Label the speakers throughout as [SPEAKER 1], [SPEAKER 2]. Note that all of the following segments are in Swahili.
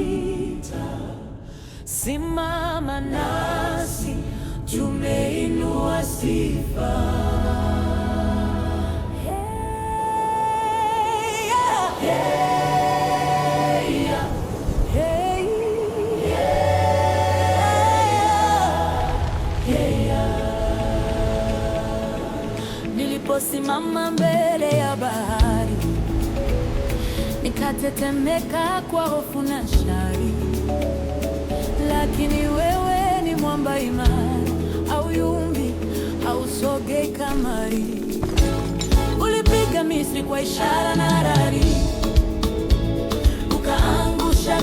[SPEAKER 1] vita, simama nasi, tumeinua sifa. Hey, Niliposimama mbele ya bahari nikatetemeka kwa hofu na shari, lakini wewe ni mwamba imara, au hausogei kamari. Ulipiga Misri kwa ishara na rari, ukaangusha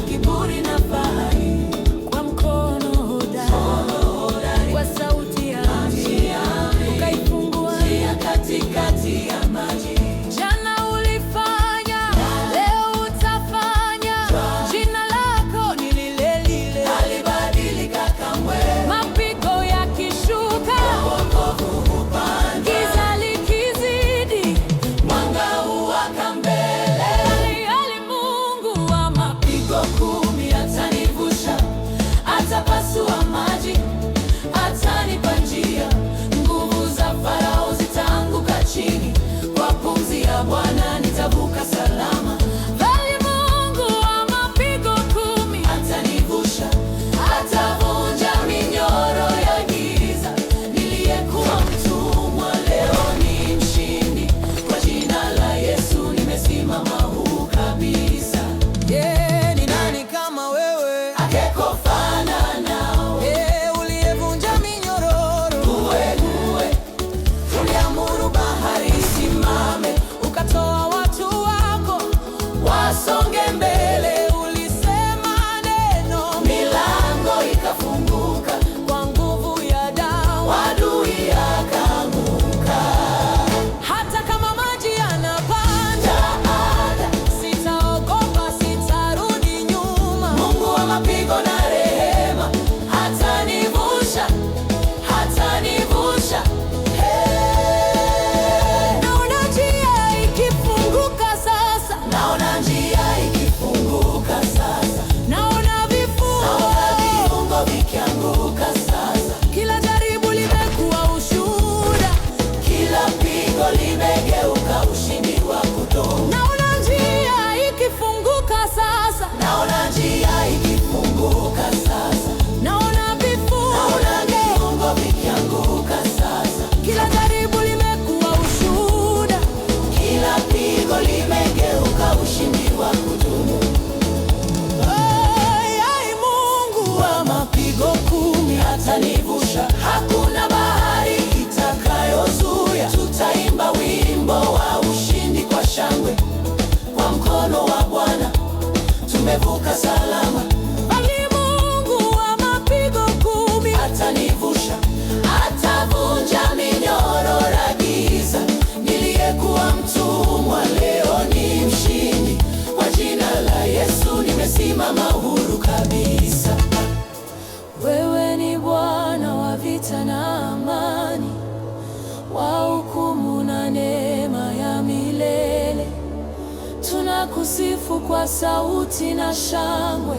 [SPEAKER 1] kusifu kwa sauti na shangwe,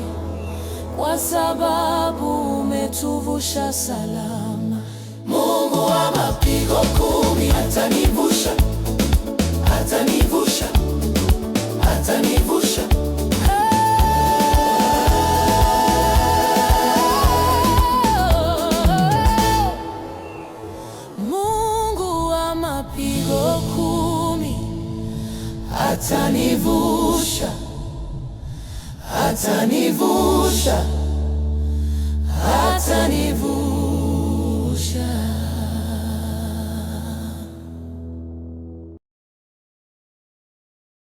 [SPEAKER 1] kwa sababu umetuvusha salama,
[SPEAKER 2] Mungu wa mapigo kumi. Atanivusha, atanivusha, atanivusha.